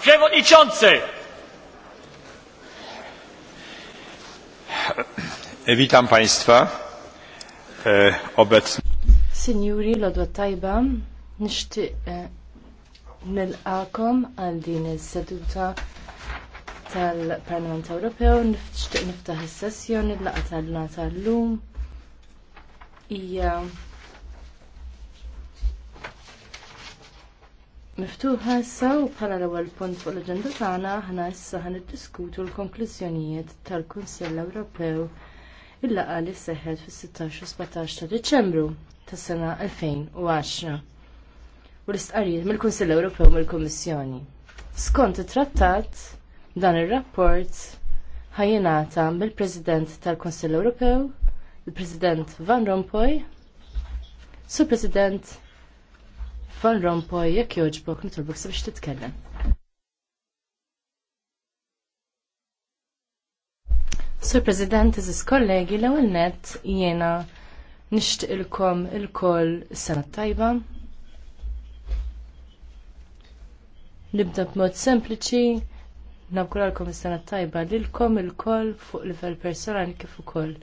Przewodniczący! Witam Państwa. E, obecnie. Signori, lodwa tajba, nishtiq e, nil-għakom għal din seduta tal-Parlament Ewropew, niftaħ il-sessjoni l-laqa tal-lum. Ija. miftuħa issa u bħala l-ewwel punt fuq l-aġenda tagħna aħna issa niddiskutu l-konklużjonijiet tal-Kunsill Ewropew il-laqgħa li seħħet fis-16 u 17 ta' Diċembru tas-sena 2010 u l-istqarijiet mill-Kunsill Ewropew mill-Kummissjoni. Skont it-trattat dan ir-rapport ħajjingħata mill-President tal-Kunsill Ewropew, il-President Van Rompuy, Sur President Van Rompuy, jekk joġbok, nitolbok sabiex titkellem. Sur President, iżis kollegi, l ewwel net jiena nixtieq ilkom il-koll sena tajba. Nibda b'mod sempliċi, nawkuralkom is-sena tajba lilkom il-koll fuq livell personali kif ukoll